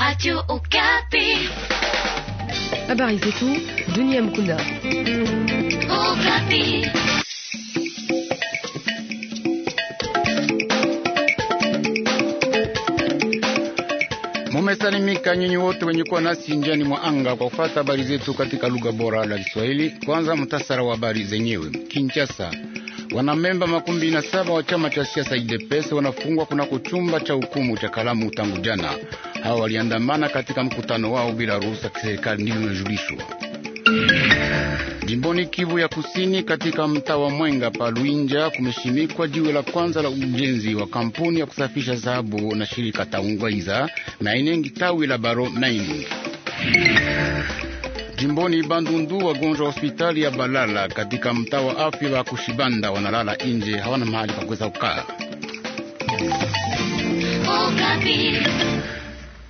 Radio Okapi. Habari zetu dunia mkunda. Okapi. Mumesalimika nyinyi wote wenye kuwa nasi njiani mwa anga kwa kufata habari zetu katika lugha bora la Kiswahili. Kwanza mtasara wa habari zenyewe. Kinshasa. Wanamemba makumi na saba wa chama cha siasa UDPS wanafungwa kunako chumba cha hukumu cha Kalamu tangu jana hao waliandamana katika mkutano wao bila ruhusa kiserikali, ndivyo imejulishwa jimboni Kivu ya Kusini. Katika mtaa wa Mwenga pa Luinja kumeshimikwa jiwe la kwanza la ujenzi wa kampuni ya kusafisha dhahabu na shirika Taungaiza Mainengi tawi la Baro Mining. Jimboni Bandundu, wagonjwa wa hospitali ya Balala katika mtaa wa afya wa Kushibanda wanalala inje, hawana mahali pa kuweza kukaa. Oh,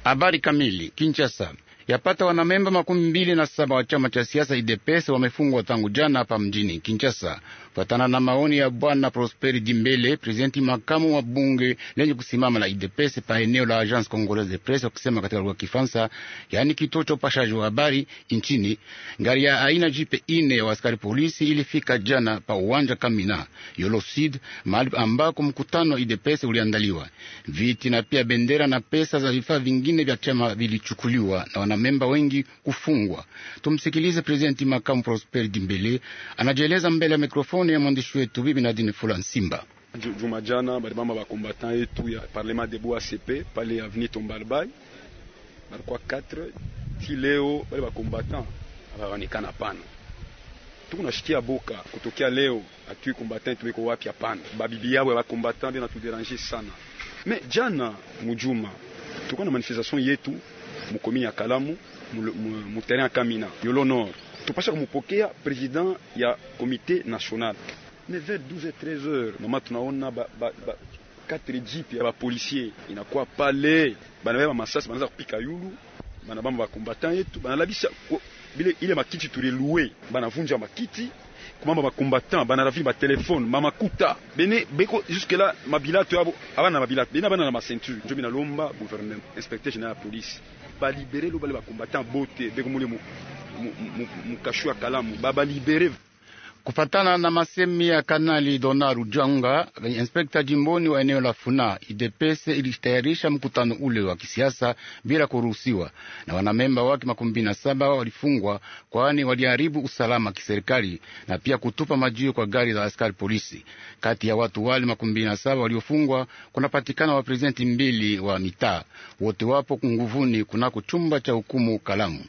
Habari kamili. Kinshasa, yapata wanamemba makumi mbili na saba wa chama cha siasa UDPS wamefungwa tangu jana hapa mjini Kinshasa. Kufatana na maoni ya bwana Prosperi Jimbele, prezidenti makamu wa bunge lenye kusimama la IDPS pa eneo la Agence Congolaise de Presse, wakisema katika lugha ya Kifaransa, yaani kituo cha upashaji wa habari nchini, gari ya aina jipe ine ya askari polisi ilifika jana pa uwanja Kamina Yolo Yolosid, mahali ambako mkutano wa IDPS uliandaliwa. Viti na pia bendera na pesa za vifaa vingine vya chama vilichukuliwa na wanamemba wengi kufungwa. Tumsikilize prezidenti makamu Prosperi Jimbele anajieleza mbele ya mikrofoni maoni ya mwandishi wetu Bibi Nadine Fula Nsimba. Juma jana balimama bakombatant yetu ya parlement de boacp pale aveni Tombalbay balikuwa 4 ti leo bale bakombatant abaonekana pana tukunashikia boka kutokea leo atui kombatant tuweko wapi? Hapana, babibi yao ya bakombatant bia natuderange sana. Me jana mujuma tulikuwa na manifestation yetu mukomini ya Kalamu muterrain ya Kamina Yolo Nord tupasha kumupokea president ya comité national Mais vers 12 et 13 heures mama, tunaona ba, ba, ba, katri jeep ya bapolisier inakuwa pale, banabeba masasi, banaanza kupika yulu, banabamba bakombatant yetu, banalabisa bile ile makiti bana banavunja makiti kumamba bakombatant, banaravi mama kuta bene beko jusque là, mabilato abo abana mabilato bene abana na macenture, na lomba gouvernement inspecteur général police, police balibere lo bale bakombatant bote beko mulimo mkashua kalamu libere Kufatana na masemi ya Kanali Dona Rujanga, inspekta jimboni wa eneo la Funa, idepese ilitayarisha mkutano ule wa kisiasa bila kuruhusiwa, na wanamemba wake makumi na saba walifungwa, kwani waliharibu usalama kiserikali na pia kutupa majiwe kwa gari za askari polisi. Kati ya watu wale makumi na saba waliofungwa kunapatikana waprezidenti mbili wa mitaa, wote wapo kunguvuni kunako chumba cha hukumu Kalamu.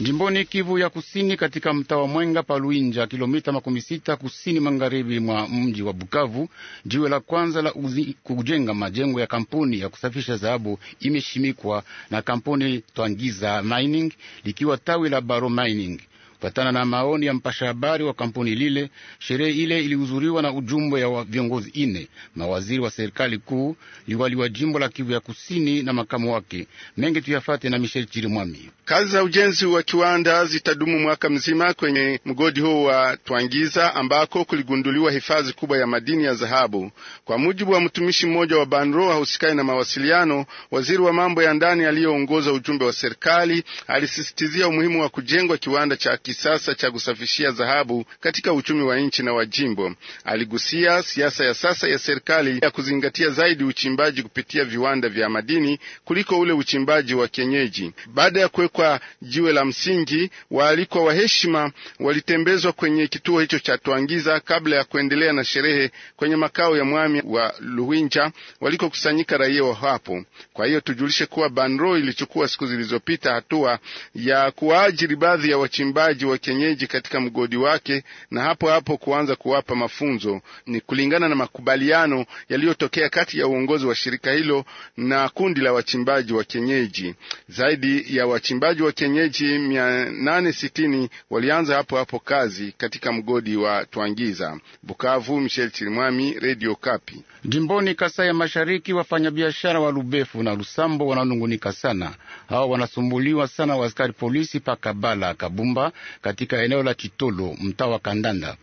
Jimboni Kivu ya Kusini, katika mtaa wa Mwenga paluinja kilomita makumi sita kusini magharibi mwa mji wa Bukavu, jiwe la kwanza la uzi, kujenga majengo ya kampuni ya kusafisha dhahabu imeshimikwa na kampuni Twangiza Mining likiwa tawi la Baro Mining. Kufatana na maoni ya mpasha habari wa kampuni lile, sherehe ile ilihudhuriwa na ujumbe ya viongozi ine, mawaziri wa serikali kuu, liwali wa jimbo la Kivu ya kusini na makamu wake. Mengi tuyafate na Michel Chirimwami. Kazi za ujenzi wa kiwanda zitadumu mwaka mzima kwenye mgodi huo wa Twangiza ambako kuligunduliwa hifadhi kubwa ya madini ya dhahabu. Kwa mujibu wa mtumishi mmoja wa Banro ahusikani na mawasiliano, waziri wa mambo ya ndani aliyeongoza ujumbe wa serikali alisisitizia umuhimu wa kujengwa kiwanda cha kisasa cha kusafishia dhahabu katika uchumi wa nchi na wa jimbo. Aligusia siasa ya sasa ya serikali ya kuzingatia zaidi uchimbaji kupitia viwanda vya madini kuliko ule uchimbaji wa kienyeji. Baada ya kuwekwa jiwe la msingi, waalikwa wa heshima walitembezwa kwenye kituo hicho cha Twangiza kabla ya kuendelea na sherehe kwenye makao ya mwami wa Luhinja walikokusanyika raia wa hapo. Kwa hiyo tujulishe kuwa Banro ilichukua siku zilizopita hatua ya kuwaajiri baadhi ya wachimbaji wafugaji wa kienyeji katika mgodi wake na hapo hapo kuanza kuwapa mafunzo. Ni kulingana na makubaliano yaliyotokea kati ya uongozi wa shirika hilo na kundi la wachimbaji wa kienyeji. Zaidi ya wachimbaji wa kienyeji mia nane sitini walianza hapo hapo kazi katika mgodi wa Twangiza. Bukavu, Michel Chirimwami, Radio Kapi. Jimboni Kasai ya Mashariki, wafanyabiashara wa Lubefu na Lusambo wananungunika sana. Hawa wanasumbuliwa sana wa askari polisi pa Kabala Kabumba katika eneo la Chitolo, mtaa wa Kandanda.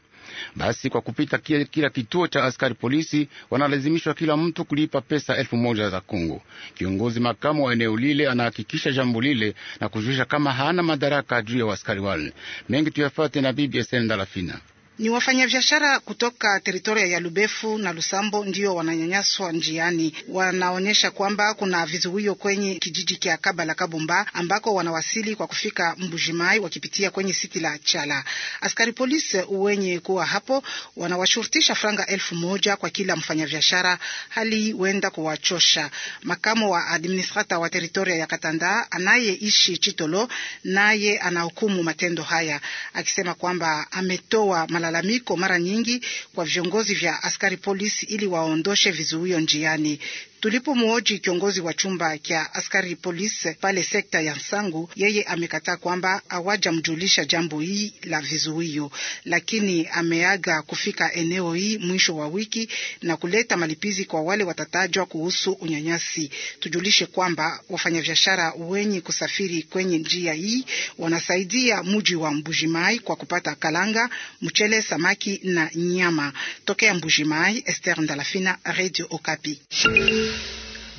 Basi kwa kupita kila, kila kituo cha askari polisi wanalazimishwa kila mtu kulipa pesa elfu moja za Kongo. Kiongozi makamu wa eneo lile anahakikisha jambo lile na kujulisha kama hana madaraka juu ya askari wale. Mengi tuyafate na bibi ndalafina ni wafanyabiashara kutoka teritoria ya Lubefu na Lusambo ndio wananyanyaswa njiani. Wanaonyesha kwamba kuna vizuio kwenye kijiji kya Kabala Kabumba ambako wanawasili kwa kufika Mbujimai wakipitia kwenye siti la Chala. Askari polisi wenye kuwa hapo wanawashurutisha franga elfu moja kwa kila mfanyabiashara, hali huenda kuwachosha. Makamo wa administrata wa teritoria ya Katanda anayeishi Chitolo naye anahukumu matendo haya akisema kwamba ametoa malalamiko mara nyingi kwa viongozi vya askari polisi ili waondoshe vizuio njiani. Tulipomwoji kiongozi wa chumba cha askari polisi pale sekta ya Sangu, yeye amekataa kwamba hawajamjulisha jambo hii la vizuio, lakini ameaga kufika eneo hii mwisho wa wiki na kuleta malipizi kwa wale watatajwa kuhusu unyanyasi. Tujulishe kwamba wafanyabiashara wenye kusafiri kwenye njia hii wanasaidia mji wa Mbujimai kwa kupata kalanga, mchele, samaki na nyama. Tokea Mbujimai, Esther Ndalafina, Radio Okapi.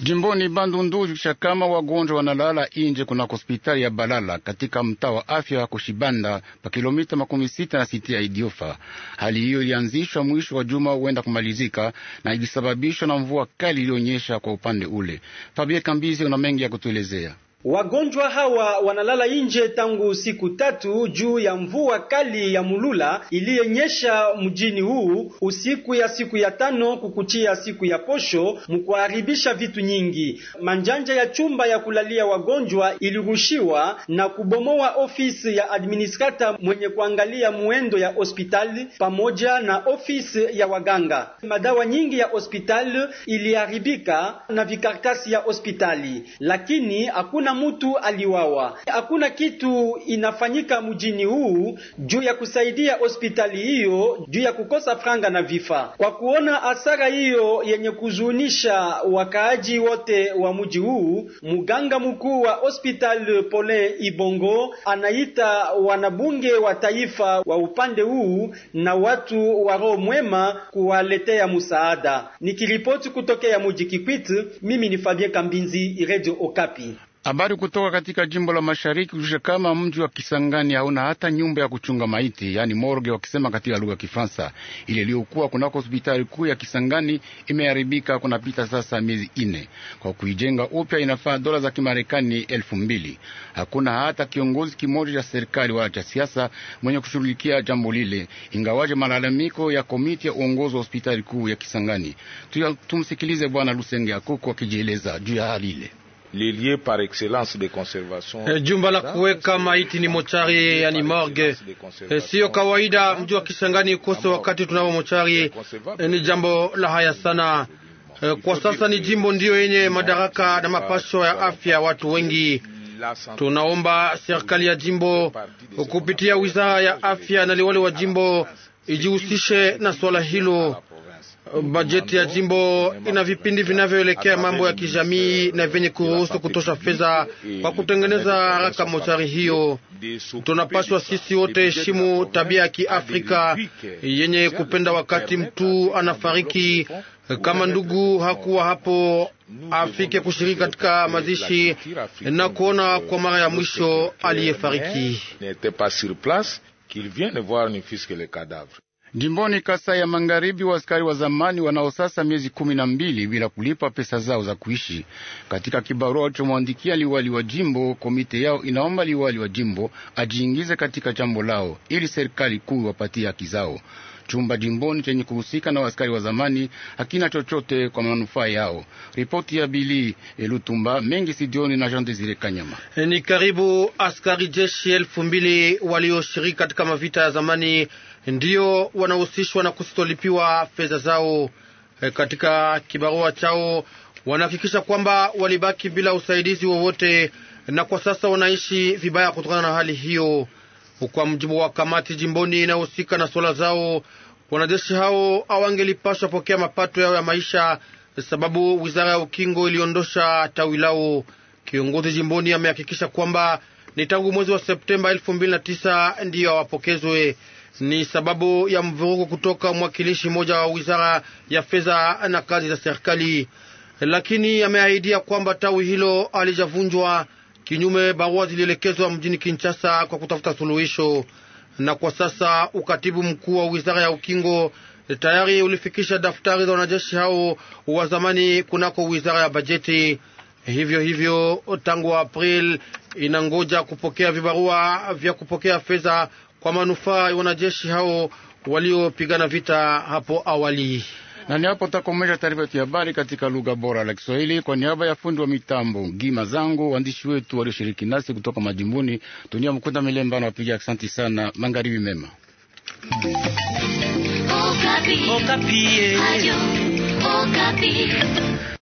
Jimboni Bandundu Shakama, wagonjwa wanalala inje kuna hospitali ya Balala katika mtaa wa afya wa Kushibanda pa kilomita makumi sita na siti ya Idiofa. Hali hiyo ilianzishwa mwisho wa juma huenda kumalizika na ilisababishwa na mvua kali iliyonyesha kwa upande ule. Fabie Kambizi una mengi ya kutuelezea. Wagonjwa hawa wanalala nje tangu siku tatu juu ya mvua kali ya mulula iliyenyesha mjini huu usiku ya siku ya tano kukuchia siku ya posho, mkuharibisha vitu nyingi. Manjanja ya chumba ya kulalia wagonjwa ilirushiwa na kubomoa ofisi ya administrata mwenye kuangalia muendo ya hospitali pamoja na ofisi ya waganga. Madawa nyingi ya hospitali iliharibika na vikartasi ya hospitali, lakini hakuna hakuna mtu aliwawa, hakuna kitu inafanyika mjini huu juu ya kusaidia hospitali hiyo juu ya kukosa franga na vifaa. Kwa kuona hasara hiyo yenye kuzunisha wakaaji wote wa mji huu, mganga mkuu wa hospitali polin Ibongo anaita wanabunge wa taifa wa upande huu na watu wa roho mwema kuwaletea msaada. Nikiripoti kutokea mji Kikwit, mimi ni Fabien Kambinzi, Radio Okapi. Habari kutoka katika jimbo la mashariki kusha kama mji wa Kisangani hauna hata nyumba ya kuchunga maiti, yaani morgue wakisema katika lugha ya Kifaransa. Ile iliyokuwa kunako hospitali kuu ya Kisangani imeharibika kunapita sasa miezi ine. Kwa kuijenga upya inafaa dola za Kimarekani elfu mbili. Hakuna hata kiongozi kimoja cha serikali wala cha siasa mwenye kushughulikia jambo lile, ingawaje malalamiko ya komiti ya uongozi wa hospitali kuu ya Kisangani. Tumsikilize Bwana Lusenge Akuko akijieleza juu ya hali ile par excellence de conservation. Eh, jumba la kuweka maiti ni mochari, yani morgue. Eh, Siyo kawaida mji wa Kisangani ukose wakati tunao mochari, eh, ni jambo la haya sana. Kwa sasa ni jimbo ndiyo yenye madaraka na mapasho ya afya watu wengi. Tunaomba serikali ya jimbo kupitia wizara ya afya na liwali wa jimbo ijihusishe na swala hilo. Bajeti ya jimbo ina vipindi vinavyoelekea mambo ya kijamii na vyenye kuruhusu kutosha fedha kwa kutengeneza haraka mochari hiyo. Tunapaswa sisi wote heshimu tabia ya Kiafrika yenye kupenda wakati mtu anafariki kama ndugu hakuwa hapo afike kushiriki katika mazishi na kuona kwa mara ya mwisho aliyefariki. Jimboni Kasai ya Magharibi, waaskari wa zamani wanao sasa miezi kumi na mbili bila kulipa pesa zao za kuishi. Katika kibarua walichomwandikia liwali wa jimbo, komite yao inaomba liwali wa jimbo ajiingize katika jambo lao ili serikali kuu iwapatie haki zao. Chumba jimboni chenye kuhusika na waaskari wa zamani hakina chochote kwa manufaa yao. Ripoti ya Bili Elutumba mengi sidioni na Jean Desire Kanyama. Eh, ni karibu askari jeshi elfu mbili walioshiriki katika mavita ya zamani ndio wanahusishwa na kusitolipiwa fedha zao. E, katika kibarua chao wanahakikisha kwamba walibaki bila usaidizi wowote na kwa sasa wanaishi vibaya kutokana na hali hiyo. Kwa mjibu wa kamati jimboni inayohusika na swala zao, wanajeshi hao hawangelipashwa pokea mapato yao ya maisha sababu wizara ya ukingo iliondosha tawi lao. Kiongozi jimboni amehakikisha kwamba ni tangu mwezi wa Septemba elfu ndio awapokezwe ndiyo hawapokezwe ni sababu ya mvurugo kutoka mwakilishi mmoja wa wizara ya fedha na kazi za serikali, lakini ameahidia kwamba tawi hilo alijavunjwa kinyume. Barua zilielekezwa mjini Kinshasa kwa kutafuta suluhisho, na kwa sasa ukatibu mkuu wa wizara ya ukingo tayari ulifikisha daftari za wanajeshi hao wa zamani kunako wizara ya bajeti. Hivyo hivyo tangu April inangoja kupokea vibarua vya kupokea fedha kwa manufaa ya wanajeshi hao waliopigana vita hapo awali. Na ni hapo takomesha taarifa yetu ya habari katika lugha bora la Kiswahili. Kwa niaba ya fundi wa mitambo Gima Zangu, waandishi wetu walioshiriki nasi kutoka majimbuni, Tunia Mkunda Milemba na wapiga, asanti sana. mangaribi mema. Okapi. Okapi. Eh.